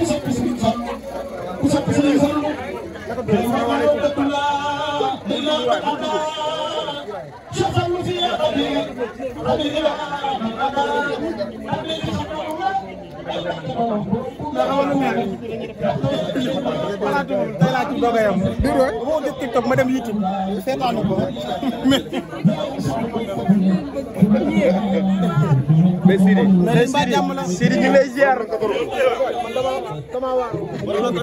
ku sopp Sëriñ Fallu ku sopp Sëriñ Fallu la dama def TikTok ma dem YouTube seetaanu ko mais Sidi Sidi ñu lay ziar man dama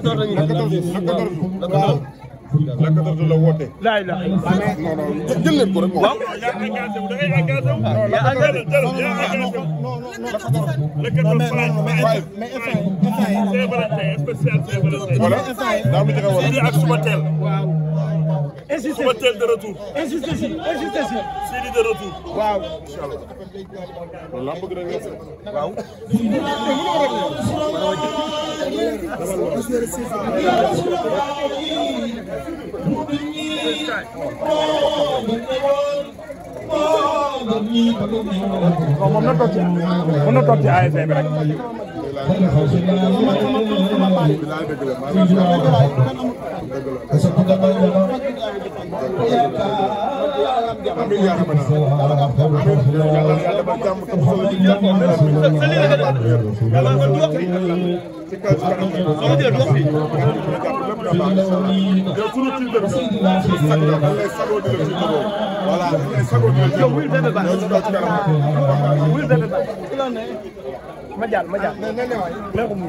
dama waaru la quatorze la woote. laay laay non non jël leen ko rek. waaw yaa ngi engagé wu da ngay engagé wu. non la quatorze non non la quatorze. la quatorze mais mais Saint-Valentin spécial Saint-Valentin. voilà daa mu joxe wala. ak suba teel. waaw. insister Obatel de retour. insister si insister si. Sidi de retour. waaw. incha allah loolu laa bëgg rek la. waaw. moom mën na toog ci mën na toog ci ASC bi rek. Thank you. amiin yaa rabbal aalamiin yàlla yàlla ba jàmm tam solo ji jàmm amiin ci kaw ci kanam soo jëlee dox bi yow sunu ci dem sax da lay sagoo di la ci dogoo voilà da lay sagoo di la ci yow wil bébé ba yow ci kaw ci kanam wil bébé ba ma jàll ma jàll ne ne waay ne ko mu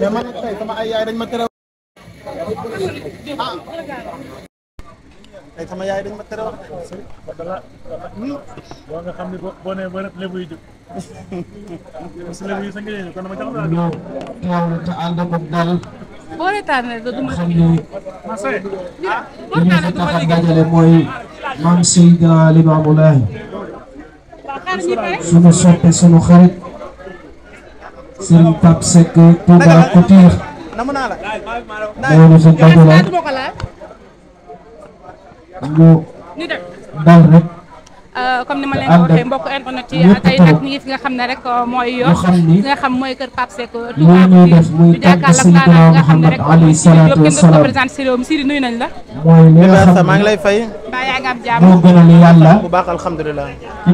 mais man nag tey sama ma tere ah. ma xam ah. ne boo nee ba rek lébu yi jóg ma xam ne a dajale mooy maam Seydina sunu soppe sunu xarit sëriñ Pape Seck Touba Couture loolu suñ bàgg la ñu daw rek Euh, comme ni ma leen ko waxee mbokk internet tey nag ñu ngi fi nga xam ne rek euh, mooy yoo fi nga xam mooy kër Pape Seck Touba nga xam ne rek Sidi Diop kenn ko présenté si réew mi Sidi nuyu nañ la maa ngi lay fay mbaa yaa ngi am jàmm bu baax alhamdulilah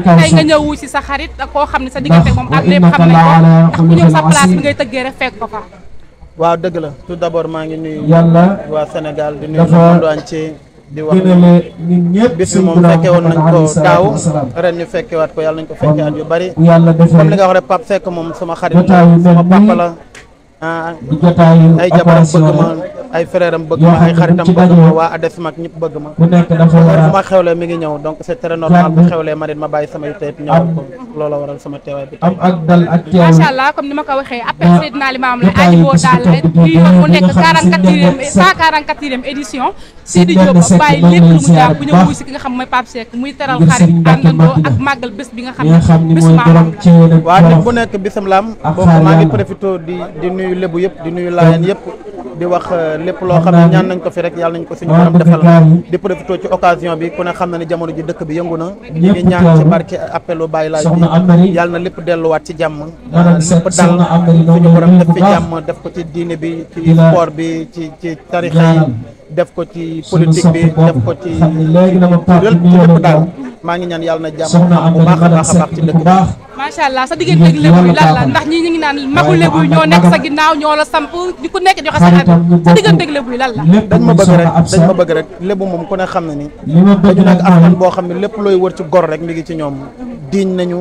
tey nga ñëw wu sa xarit koo xam ne sa diggante moom ak lépp xam nañ ko ndax ku ñëw sa place bi ngay tëggee rek fekk ko fa dëgg la tout d'abord maa ngi nuyu waa Sénégal di nuyu monde entier di wax nit ñëpp bis bi moom fekke woon nañ ko daaw ren ñu fekkewaat ko yàlla nañ ko fekke at yu bari comme li nga wax rek Pape Seck moom sama xarit sama papa la ah. ay jabaram bëgg ma ay frère am bëgg ma ay xaritam bëgg ma waa ADES mag ñëpp bëgg ma su ma xewlee mi ngi ñëw donc c'est très normal bu xewlee ma ma bàyyi sama yitte ñëwal ko loola waral sama teewaay bi macha allah comme ni ma ko waxee appel ah, Seydina Limamou Laye aji boo daal leen bii yoon mu nekk 44e 144 di édition Sidi Diop bàyyi lépp lu mu jaar bu ñëw wuy si ki nga xam mooy Pape muy teral xarit àndandoo ak màggal bés bi nga xam ne bés maamam la waa nit bu nekk bisam laam bokk maa ngi profité di wax euh, lépp loo xam ne ñaan nañ ko fi rek yàlla nañ ko suñu borom defal di profité ci occasion bi ku ne xam na ne jamono ji dëkk bi yëngu na ñu ngi ñaan ci barke appelu Baye Laye yàlla na lépp delluwaat ci jàmm lépp dal suñu borom def fi jàmm def ko ci diine bi ci sport bi ci ci tarixa yi def ko ci politique bi def ko ci lépp daal maa ngi ñaan yàlla na jàmm bu baax a baax a baax ci dëkk bi macha allah sa diggante ak lébu yi lan la ndax ñi ñu ngi naan magu lébu ñoo nekk sa ginnaaw ñoo la samp di ku nekk joxe sa xarit sa diggante ak lébu yi lan dañ ma bëgg rek dañ ma bëgg rek moom ku ne xam na ni dañu nekk askan boo xam ne lépp looy wër ci gor rek mi ci ñoom diiñ nañu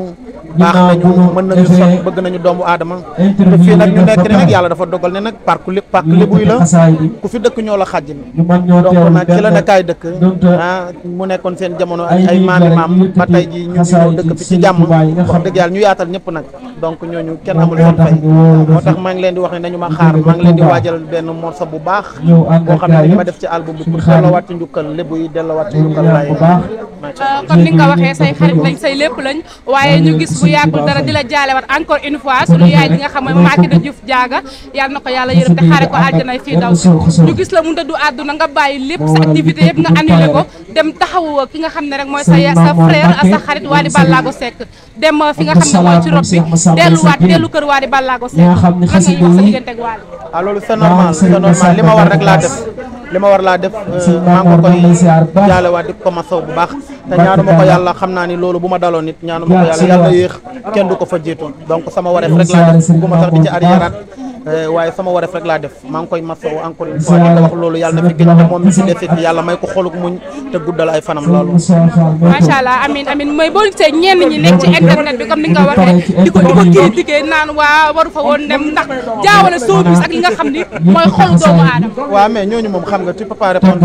baax nañu mën nañu sax bëgg nañu doomu aadama te fii nag ñu nekk ni nag yàlla dafa dogal ne nag parc li parc libuy la ku fi dëkk ñoo la xàjjin donc nag ci la nekkaay dëkk ah mu nekkoon seen jamono ak ay maami maam ba tey ji ñu ñëw dëkk fi ci jàmm wax dëgg yàlla ñu yaatal ñëpp nag donc ñooñu kenn amul seen moo tax maa ngi leen di wax ne nañu ma xaar maa ngi leen di waajal benn morceau bu baax boo xam ne dañu ma def ci album bi pour delloowaat ci njukkal lébu yi delloowaat ci njukkal laay comme ni nga waxee say xarit bu yàggul dara di la jaalewaat encore une fois sunu yaay ji nga xam mooy Mame Akida Diouf Diaga na ko yàlla yërëm te xaare ko àjjana fii daw ñu gis la mu dëddu àdduna nga bàyyi lépp sa activité yëpp nga annulé ko dem taxaw ki nga xam ne rek mooy sa sa frère ak sa xarit Wally Ballago Seck dem fi nga xam ne mooy ci rob bi delluwaat dellu kër Wally Ballago Seck lan nga wax sa diggante ak Wally ah loolu c'est li ma war rek laa def li ma war laa def euh, maa ngi ko koy jaalewaat di ko masaw bu baax te ñaanu ma ko yàlla xam naa ni loolu bu ma daloon nit ñaanu ma ko yàlla yàlla yéex kenn du ko fa jiitu donc sama wareef rek laa def bu ma sax di ci arriéraat Eh, waaye sama wareef rek laa def maa ngi koy masawu encore une fois ko loolu yàlla na fi gëj te moom si defit yàlla may ko xoluk muñ te guddal ay fanam loolu macha allah amin amin mooy boo gisee ñenn ñi nekk ci internet bi comme ni nga ko waxee di ko di ko naan waa waru fa woon dem ndax jaawale showbiz ak li nga xam ni mooy xolu doomu aadama waaw mais ñooñu moom xam nga tu peux pas répondre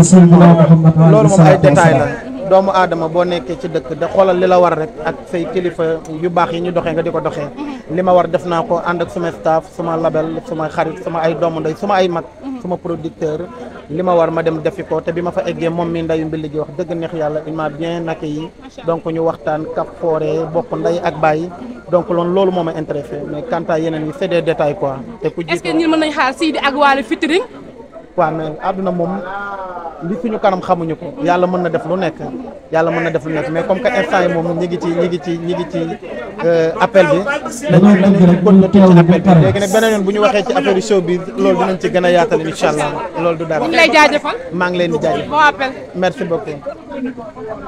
loolu moom ay détails la doomu aadama boo nekkee ci dëkk da xoolal li la war rek ak say kilifa yu baax yi ñu doxee nga di ko doxee mhm. li ma war def naa ko ànd ak suma staff suma label suma xarit suma ay doomu ndey suma ay mag mhm. suma producteurs li ma war ma dem defi ko te bi ma fa eggee moom mi ndayu mbi gi wax dëgg neex yàlla il m'a bien accueilli donc ñu waxtaan kap foore bokk nday ak bàyyi mhm. donc loolu loolu moo ma intéressé mais quant à yeneen yi c'est des détails quoi te mën nañ xaar quoi mais àdduna moom li fi ñu kanam xamuñu ko yàlla mën na def lu nekk yàlla mën na def lu nekk mais comme que instant yi moom ñi ngi ci ñi ngi ci ñi ngi ci euh, appel bi dañu dañu continuer ci appel bi léegi nag beneen yoon bu ñu waxee ci affaire show bi loolu dinañ ci gën a yaatal incha allah loolu du dara maa ngi leen di jaajëfal merci beaucoup